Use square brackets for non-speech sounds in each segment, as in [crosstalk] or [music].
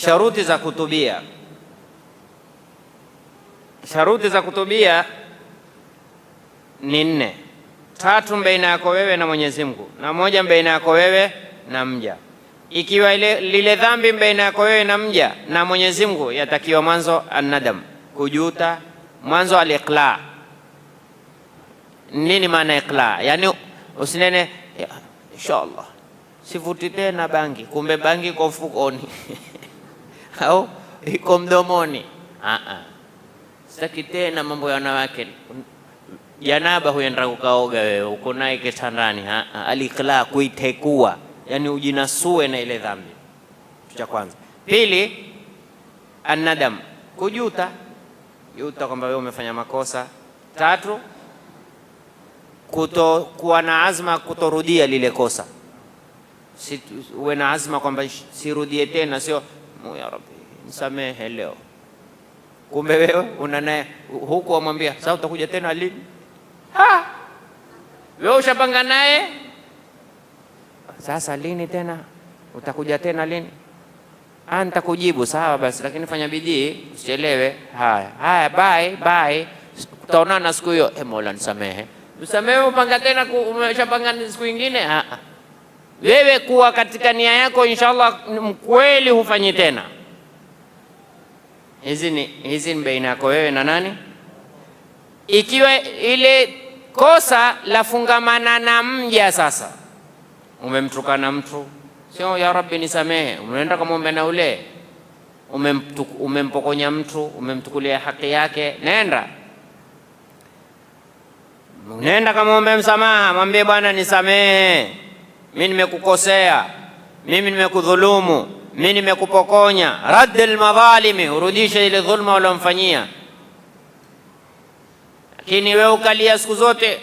Sharuti za kutubia. Sharuti za kutubia ni nne: tatu baina yako wewe na Mwenyezi Mungu, na moja baina yako wewe na mja. Ikiwa ile, lile dhambi baina yako wewe na mja na Mwenyezi Mungu, yatakiwa mwanzo anadam, kujuta mwanzo, aliqla. Nini maana iqla? Yani usinene ya, inshallah sivuti tena bangi, kumbe bangi kwa mfukoni [laughs] au iko mdomoni? Sitaki tena mambo ya wanawake. Janaba huenda ukaoga wewe, uko naye kitandani. Alikla, kuitekua, yani ujinasue na ile dhambi. Cha kwanza. Pili, anadam, kujuta, juta kwamba wewe umefanya makosa. Tatu, kuto kuwa na azma kutorudia lile kosa. Si uwe na azma kwamba sirudie tena, sio Mungu ya Rabbi, nisamehe leo. Kumbe wewe una naye huku wamwambia, sasa utakuja tena lini? Ha, wewe ushapanga naye sasa, lini tena utakuja tena lini? Ah, nitakujibu sawa basi, lakini fanya bidii usichelewe. Haya haya, bye bye, tutaonana siku hiyo. E Mola nisamehe, msamehe. Upanga tena, umeshapanga siku ingine? Ah, ah wewe kuwa katika nia yako inshallah mkweli, hufanyi tena hizi. Ni hizi ni baina yako wewe na nani. Ikiwa ile kosa la fungamana na mja, sasa umemtukana mtu, sio ya Rabbi nisamehe, unaenda kumwomba na ule umempokonya mtu, umemtukulia haki yake, nenda nenda kamwombe msamaha, mwambie bwana nisamehe mimi nimekukosea, mimi nimekudhulumu, mimi nimekupokonya. Raddil madhalimi, urudishe ile dhulma ulomfanyia. Lakini wewe ukalia siku zote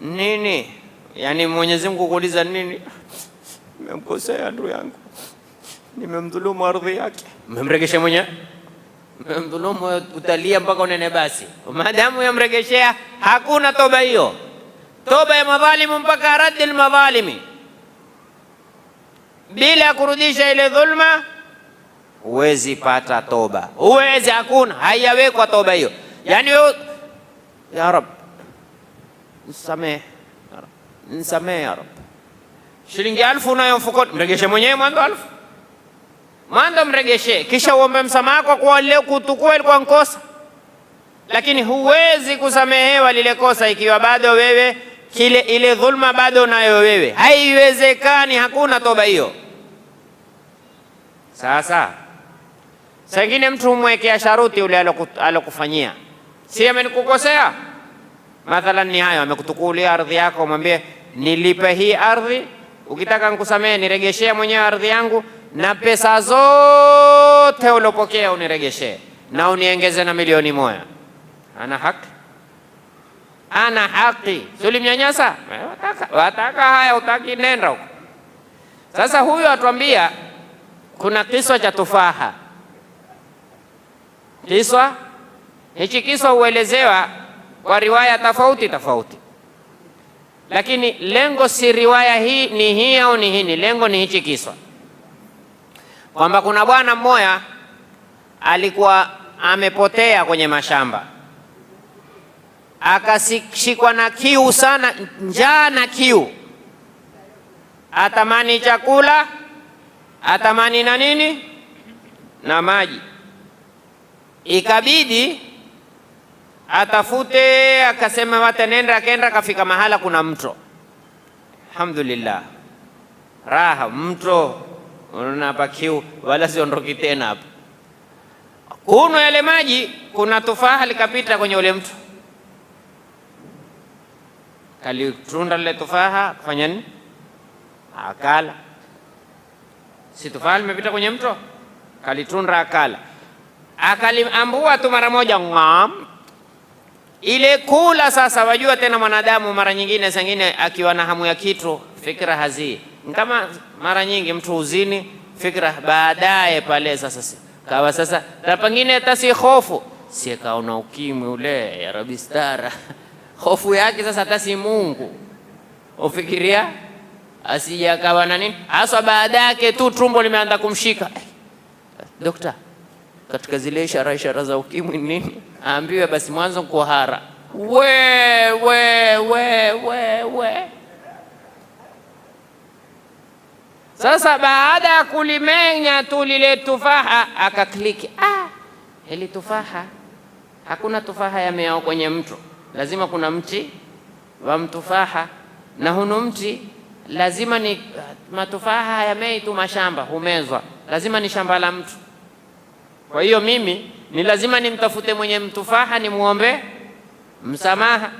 nini? Yaani Mwenyezi Mungu kuuliza nini? Nimemkosea ndugu yangu, nimemdhulumu ardhi yake. Umemregesha mwenye umemdhulumu, utalia mpaka unene basi, maadamu yamregeshea, hakuna toba hiyo toba ya madhalimu mpaka raddi almadhalimi, bila ya kurudisha ile dhulma huwezi pata toba, huwezi, hakuna, haiyawekwa toba hiyo. Yani wewe ya Rab, nisamehe ya ya Rab, shilingi alfu unayo mfukoni, mregeshe mwenyewe mwanzo alfu mwanzo, mregeshe kisha uombe msamaha kwa kuwa lile kutukua ilikuwa nkosa, lakini huwezi kusamehewa lile kosa ikiwa bado wewe kile ile dhulma bado nayo wewe, haiwezekani, hakuna toba hiyo. Sasa sengine mtu humwekea sharuti ule alokufanyia, si amenikukosea mathalan, ni hayo amekutukulia ardhi yako, mwambie nilipe hii ardhi, ukitaka nikusamehe niregeshea mwenyewe ardhi yangu, na pesa zote ulopokea uniregeshee, na uniengeze na milioni moja. Ana haki ana haki, si ulimnyanyasa? Eh, wataka, wataka haya, utaki nenda Sasa huyu atuambia kuna kiswa cha tufaha. Kiswa hichi kiswa huelezewa kwa riwaya tofauti tofauti, lakini lengo si riwaya hii ni hii au ni hii, lengo ni hichi kiswa, kwamba kuna bwana mmoja alikuwa amepotea kwenye mashamba akashikwa na kiu sana, njaa na kiu, atamani chakula, atamani na nini na maji, ikabidi atafute, akasema wata nenda, akaenda, akafika mahala kuna mto. Alhamdulillah, raha, mto hapa kiu, wala siondoki tena hapa, kunywa yale maji. Kuna tufaha likapita kwenye ule mto Kalitunda lile tufaha kufanya nini? Akala. Si tufaha limepita kwenye mto, kalitunda akala, akaliambua tu mara moja ngam ile kula. Sasa wajua tena mwanadamu mara nyingine zingine akiwa na hamu ya kitu fikra hazi kama mara nyingi mtu uzini fikra baadaye pale. Sasa kawa sasa, na pengine hata si hofu, si kaona ukimwi ule ya rabistara [laughs] hofu yake sasa hata si Mungu, ufikiria asije akawa na nini haswa. Baada yake tu tumbo limeanza kumshika. Dokta, katika zile ishara ishara za ukimwi nini, aambiwe basi mwanzo kuhara. We, we, we, we, we. Sasa baada ya kulimenya tu lile tufaha akakliki, ah, ile tufaha, hakuna tufaha yameao kwenye mtu lazima kuna mti wa mtufaha, na hunu mti lazima ni matufaha, hayamei tu mashamba, humezwa, lazima ni shamba la mtu. Kwa hiyo mimi ni lazima nimtafute mwenye mtufaha, nimwombe msamaha.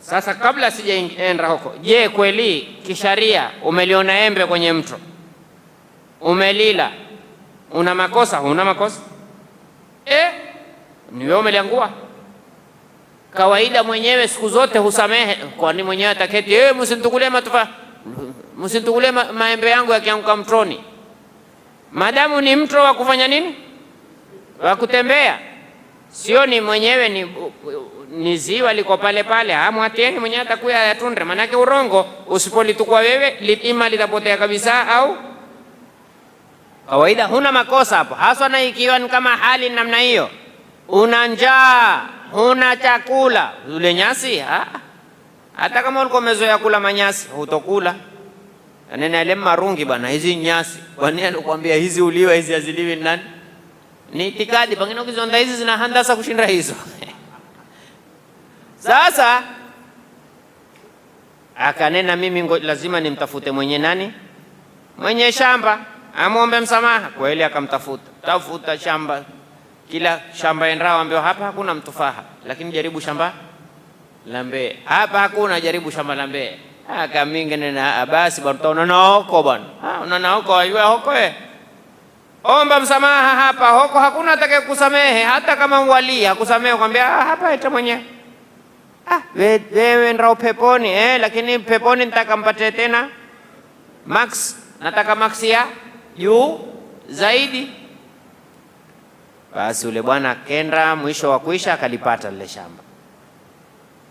Sasa kabla sijaenda huko, je, kweli kisharia umeliona embe kwenye mto umelila, una makosa? Huna makosa eh? Ni wewe umeliangua Kawaida mwenyewe siku zote husamehe, kwani mwenyewe ataketi yeye, eh, msinitukulie matufa, msinitukulie maembe yangu yakianguka mtoni, madamu ni mto wa kufanya nini, wa kutembea, sio ni mwenyewe ni ni ziwa liko pale pale, hamwatieni mwenyewe atakuya yatunde. Manake urongo usipolitukua wewe litima litapotea kabisa, au kawaida huna makosa hapo haswa, na ikiwa ni kama hali namna hiyo, una njaa huna chakula, ule nyasi ha? Hata kama ulikuwa umezoea kula manyasi hutokula. anena yaani ile marungi bwana, hizi nyasi. Kwa nini alikwambia hizi uliwe, hizi haziliwi nani? Ni itikadi, pengine ukizonda hizi zina handasa kushinda hizo. [laughs] Sasa akanena mimi ngo, lazima nimtafute mwenye nani, mwenye shamba amwombe msamaha. Kweli akamtafuta tafuta shamba kila shamba endao ambiwa hapa hakuna mtufaha, lakini jaribu shamba la Mbeya. Hapa hakuna, jaribu shamba la Mbeya. akamingine ah, na ah, basi bwana, utaona na hoko bwana, ah, unaona na hoko, ayua hoko we omba msamaha hapa. Hoko hakuna atake kusamehe, hata kama mwali hakusamehe, kwambia hapa eta mwenye wewe ndio peponi eh, lakini peponi nitaka mpate tena max, nataka max ya juu zaidi. Basi ule bwana kenda mwisho wa kuisha akalipata lile shamba.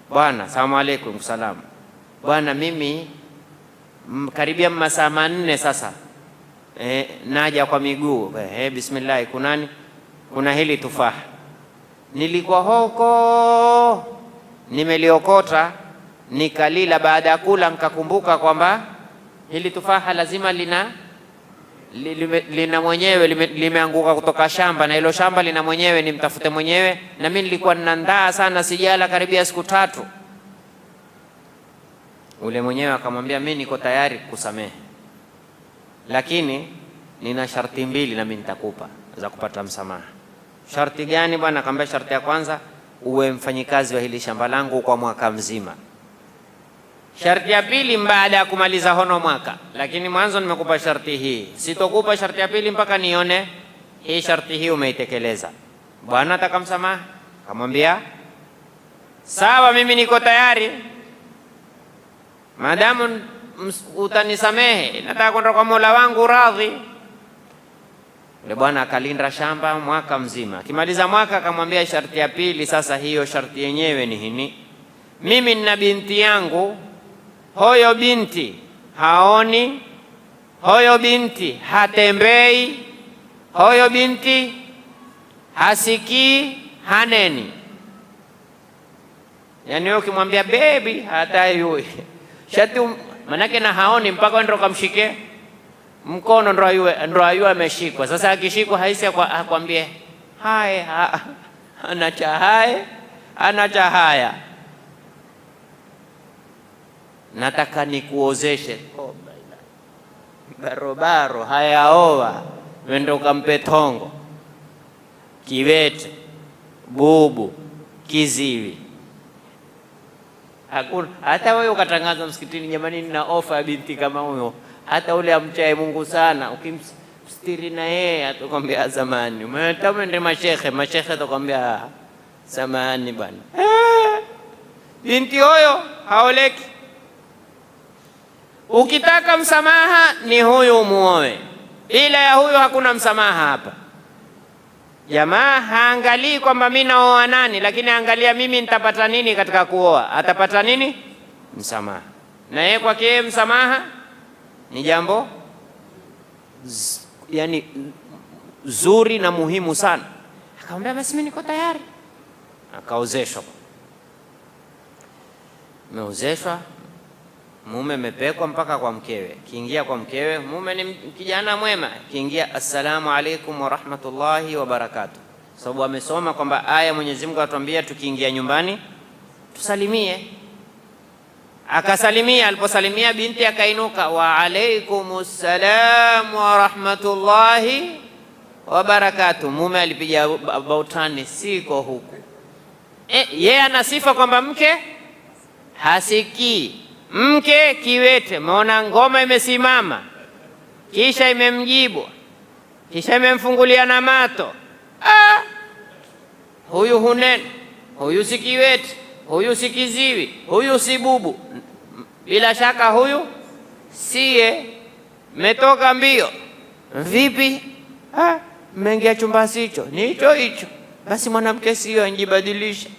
Bwana, salamu aleikum. Salamu bwana, mimi mm, karibia masaa manne sasa e, naja kwa miguu e, bismillah, kunani kuna hili tufaha nilikuwa hoko nimeliokota nikalila. Baada ya kula nikakumbuka kwamba hili tufaha lazima lina lina mwenyewe limeanguka lime kutoka shamba, na hilo shamba lina mwenyewe, ni mtafute mwenyewe. Na mimi nilikuwa ninandaa sana, sijala karibia siku tatu. Ule mwenyewe akamwambia, mimi niko tayari kusamehe lakini nina sharti mbili, nami nitakupa za kupata msamaha. Sharti gani bwana? Akamwambia, sharti ya kwanza, uwe mfanyikazi wa hili shamba langu kwa mwaka mzima. Sharti ya pili baada ya kumaliza hono mwaka, lakini mwanzo nimekupa sharti hii, sitokupa sharti ya pili mpaka nione hii sharti hii umeitekeleza. Bwana atakamsamaha, kamwambia sawa, mimi niko tayari, madamu utanisamehe, nataka kwenda kwa Mola wangu radhi. Yule bwana akalinda shamba mwaka mzima, akimaliza mwaka akamwambia sharti ya pili. Sasa hiyo sharti yenyewe ni hini, mimi nina binti yangu Hoyo binti haoni, hoyo binti hatembei, hoyo binti hasikii, haneni. Yaani wewe ukimwambia bebi yui shati, um, manake na haoni mpaka ndo kamshike mkono ndo ayue, ndo ayue ameshikwa. Sasa akishikwa haisi akwambie hai ha, hai ana cha haya nataka nikuozeshe oh barobaro hayaoa wendo kampe tongo kiwete bubu kiziwi hakuna. Hata wewe ukatangaza msikitini, jamani, nina ofa ya binti kama huyo, hata ule amchae Mungu sana ukimstiri na yeye atakwambia azamani, ah, mwende mashekhe mashekhe, atakwambia ah, zamani bwana, eh, binti huyo haoleki Ukitaka msamaha ni huyu muoe, bila ya huyu hakuna msamaha hapa. Jamaa haangalii kwamba mimi naoa nani, lakini angalia mimi nitapata nini katika kuoa. Atapata nini? Msamaha. Na yeye kwake yeye msamaha ni jambo Z, yani zuri na muhimu sana. Akamwambia basi mimi niko tayari, akaozeshwa, meozeshwa mume mepekwa mpaka kwa mkewe, kiingia kwa mkewe, mume ni kijana mwema, kiingia assalamu alaikum wa barakatuh. sababu amesoma kwamba aya Mwenyezi Mungu atuambia tukiingia nyumbani tusalimie. Akasalimia, aliposalimia binti akainuka, wa alaikumus salam warahmatullahi barakatuh. Mume alipiga bautani, siko huku. E, yeye ana sifa kwamba mke hasikii mke kiwete, maona ngoma imesimama, kisha imemjibu, kisha imemfungulia na mato. Ah, huyu hunene, huyu si kiwete, huyu si kiziwi, huyu si bubu, bila shaka huyu siye. Metoka mbio vipi? Ah, mmeingia chumba sicho ni hicho hicho. Basi mwanamke siyo, anjibadilisha,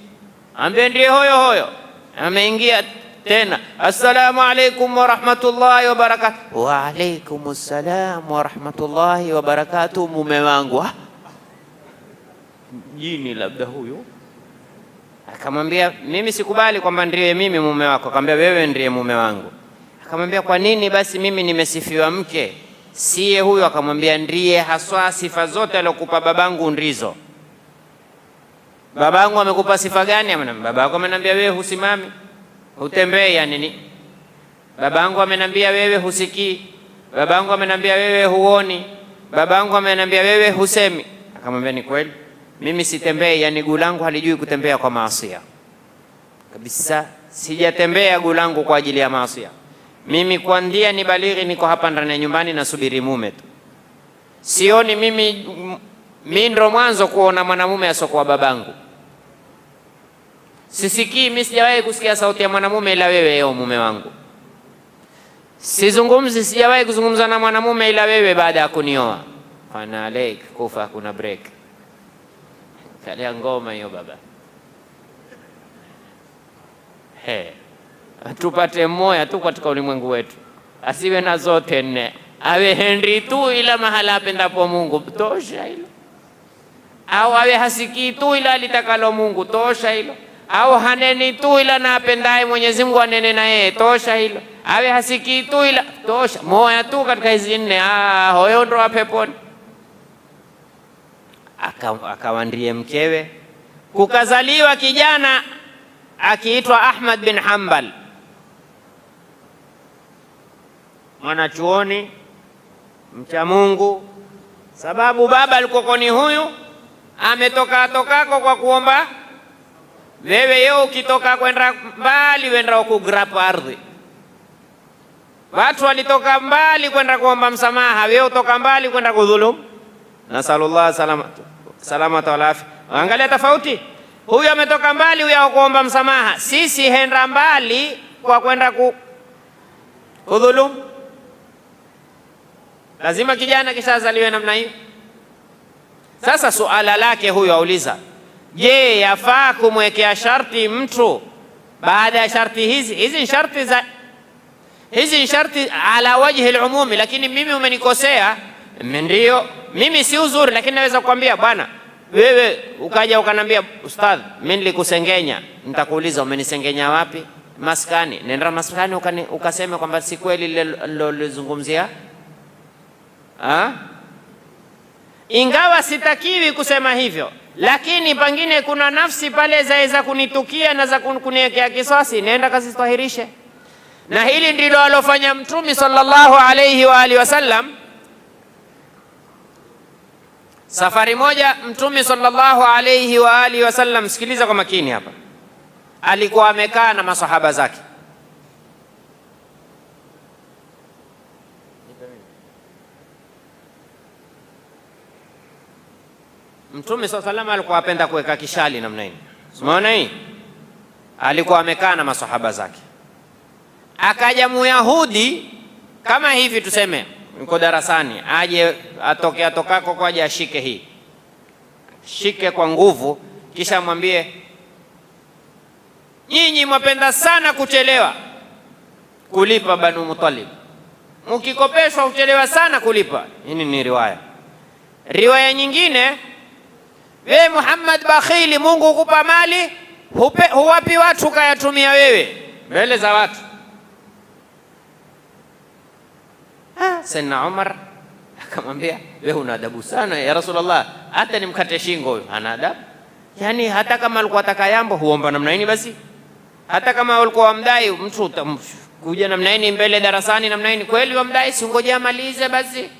ambe ndiye hoyo hoyo ameingia tena, assalamu alaikum warahmatullahi wabarakatuh. Waalaikum salam warahmatullahi wabarakatuh, mume wangu ah. jini labda huyo akamwambia, mimi sikubali kwamba ndiye mimi mume wako. Akamwambia, wewe ndiye mume wangu. Akamwambia, kwa nini basi mimi nimesifiwa mke siye huyo? Akamwambia, ndiye haswa, sifa zote aliokupa babangu ndizo. Babangu amekupa sifa gani? Babangu amenambia, wewe husimami hutembei ya nini? Babangu amenambia wewe husikii, babangu amenambia wewe huoni, babangu amenambia wewe husemi. Akamwambia ni kweli, mimi sitembei, yani guu langu halijui kutembea kwa maasia kabisa. Sijatembea guu langu kwa ajili ya maasia. Mimi kwandia ni baliri, niko hapa ndani ya nyumbani nasubiri mume tu. Sioni mimi, mi ndo mwanzo kuona mwanamume asokuwa babangu. Sisikii mi sijawahi kusikia sauti ya mwanamume ila wewe, o oh, mume wangu. Sizungumzi, sijawahi kuzungumza na mwanamume ila wewe baada ya kunioa. Fana alaik kufa, kuna break kalia ngoma hiyo baba. He, tupate mmoja tu katika ulimwengu wetu, asiwe na zote nne, awe Henry tu ila mahala apendapo Mungu, tosha hilo. Au awe hasikii tu ila alitakalo Mungu, tosha hilo au haneni tu, ila na apendaye Mwenyezi Mungu anene na yeye, tosha hilo. Awe hasikii tu, ila tosha, moya tu katika hizi nne, ah, hoyo ndo wa peponi. Akawa ndiye mkewe. Kukazaliwa kijana akiitwa Ahmad bin Hanbal, mwanachuoni mcha Mungu, sababu baba alikokoni huyu ametoka tokako kwa kuomba wewe yo ukitoka kwenda mbali wenda ukugrapa ardhi. Watu walitoka mbali kwenda kuomba msamaha, wewe utoka mbali kwenda kudhulumu. Nasallallahu salamatu salamatu wal afia. Angalia tofauti, huyu ametoka mbali, huyu akuomba msamaha. Sisi henda mbali kwa kwenda ku kudhulumu. Lazima kijana kishazaliwe namna hiyo. Sasa suala lake huyu auliza Je, yafaa kumwekea sharti mtu baada ya sharti hizi? Hizi ni sharti za hizi ni sharti ala wajhi lumumi, lakini mimi umenikosea, ndio mimi si uzuri, lakini naweza kukwambia bwana, wewe ukaja ukanambia ustadh, mimi nilikusengenya. Nitakuuliza, umenisengenya wapi? Maskani. Nenda maskani ukasema kwamba si kweli lile lolizungumzia ah? ingawa sitakiwi kusema hivyo lakini pengine kuna nafsi pale zaweza kunitukia na za kuniwekea kiswasi nenda kazitwahirishe. Na hili ndilo alofanya Mtume sallallahu alayhi wa alihi wasallam. Safari moja Mtume sallallahu alayhi wa alihi wasallam, sikiliza kwa makini hapa, alikuwa amekaa na masahaba zake Mtume swalla salama alikuwa apenda kuweka kishali namna hii, umeona hii, alikuwa amekaa na masahaba zake. Akaja muyahudi kama hivi, tuseme yuko darasani, aje atoke atokako kwa aje ashike hii, shike kwa nguvu, kisha mwambie nyinyi mwapenda sana kuchelewa kulipa Banu Mutalib, mukikopeshwa uchelewa sana kulipa. Hii ni riwaya riwaya nyingine We ee Muhammad bakhili, Mungu kupa mali hupe, huwapi watu ukayatumia wewe mbele za watu. Ah, Sayyidina Umar akamwambia we una adabu sana ya Rasulullah, hata nimkate shingo huyo ana adabu. Yani hata kama alikuwa ataka yambo huomba namna nini basi, hata kama alikuwa wamdai mtu kuja namna nini mbele darasani namna nini, kweli wamdai, si ngoja amalize basi.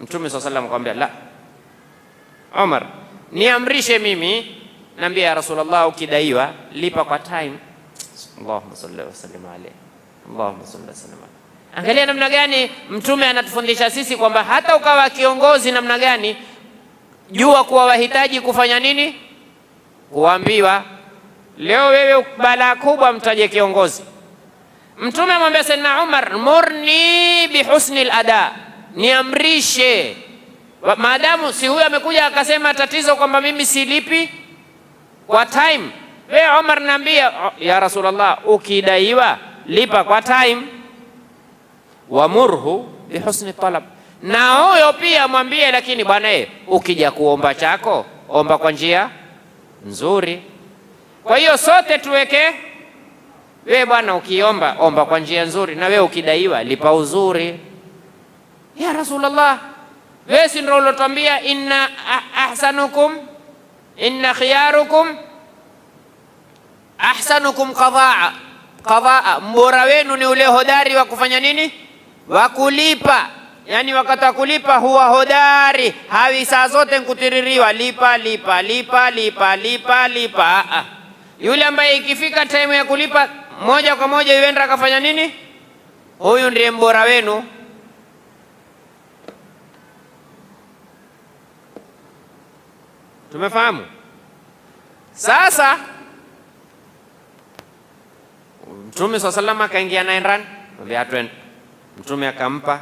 Mtume sallallahu alayhi wasallam akamwambia la Omar, niamrishe mimi, naambia ya Rasulullah, ukidaiwa lipa kwa time. Allahumma salli wa sallim alayhi, Allahumma salli wa sallim alayhi. Angalia namna gani mtume anatufundisha sisi kwamba hata ukawa kiongozi namna gani, jua kuwa wahitaji kufanya nini, kuambiwa. Leo wewe balaa kubwa, mtaje kiongozi. Mtume amwambia Saidna Umar, murni bihusni lada ada niamrishe maadamu si huyo amekuja akasema tatizo kwamba mimi silipi kwa time. Wewe Omar naambia ya Rasulullah, ukidaiwa lipa kwa time, wamurhu bihusni talab, na huyo pia mwambie, lakini bwana e, ukija kuomba chako omba kwa njia nzuri. Kwa hiyo sote tuweke we bwana, ukiomba omba kwa njia nzuri, na we ukidaiwa lipa uzuri. Ya Rasulullah Vesi si ndio ulotwambia inna ahsanukum inna khiyarukum ahsanukum qadaa qadaa, mbora wenu ni ule hodari wa kufanya nini? Wa kulipa. Yani wakati wa kulipa huwa hodari, hawi saa zote nkutiririwa lipa lipa lipa lipa lipa lipa. Yule ambaye ikifika taimu ya kulipa moja kwa moja yuenda akafanya nini, huyu ndiye mbora wenu. Tumefahamu sasa. Mtume swalla salama akaingia naye ndani, ambia twende. Mtume akampa.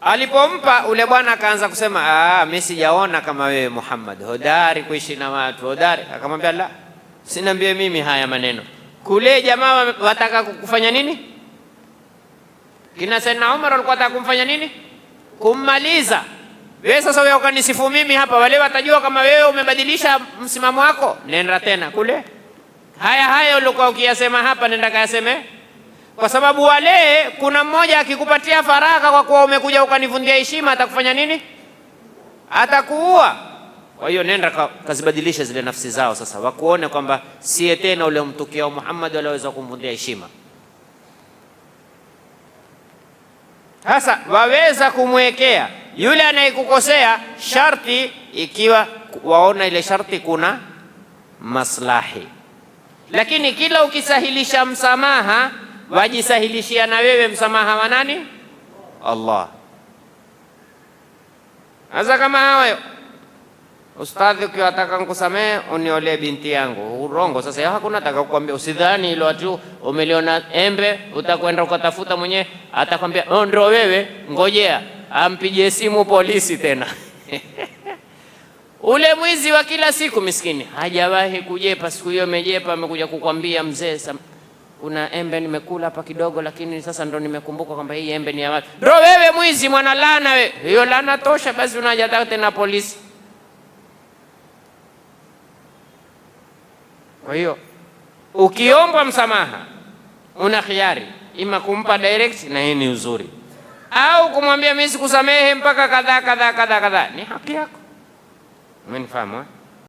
Alipompa ule bwana akaanza kusema, ah, mimi sijaona kama wewe Muhammad hodari kuishi na watu hodari. Akamwambia la, siniambie mimi haya maneno. Kule jamaa wataka kufanya nini? Kina Saidna Umar walikuwa wataka kumfanya nini? Kummaliza. Wewe sasa wewe ukanisifu mimi hapa, wale watajua kama wewe umebadilisha msimamo wako. Nenda tena kule, haya haya ulikuwa ukiyasema hapa, nenda kayaseme, kwa sababu wale, kuna mmoja akikupatia faraka kwa kuwa umekuja ukanivundia heshima, atakufanya nini? Atakuua. Kwa hiyo nenda kazibadilisha zile nafsi zao, sasa wakuone kwamba siye tena ule mtukio Muhammad aliweza kumvundia heshima. Sasa waweza kumwekea yule anayekukosea sharti, ikiwa waona ile sharti kuna maslahi, lakini kila ukisahilisha msamaha wajisahilishia na wewe msamaha wa nani? Allah. Sasa kama hayo Ustadhi, ukiwataka nkusamehe uniolee binti yangu, urongo. Sasa hakuna taka kukwambia, usidhani ilo atu umeliona embe utakwenda ukatafuta mwenyewe, atakwambia oh, ndio wewe, ngojea ampigie simu polisi tena [laughs] ule mwizi wa kila siku miskini hajawahi kujepa, siku hiyo amejepa, amekuja kukwambia mzee, kuna embe nimekula hapa kidogo, lakini sasa ndo nimekumbuka kwamba hii embe ni ya watu. Ndo wewe mwizi, mwana lana we, hiyo lana tosha. Basi unaja tena polisi. Kwa hiyo ukiombwa msamaha, una khiari, ima kumpa direct, na hii ni uzuri au kumwambia mimi sikusamehe mpaka kadhaa kadhaa kadhaa kadhaa, ni haki yako. Umenifahamu? Eh?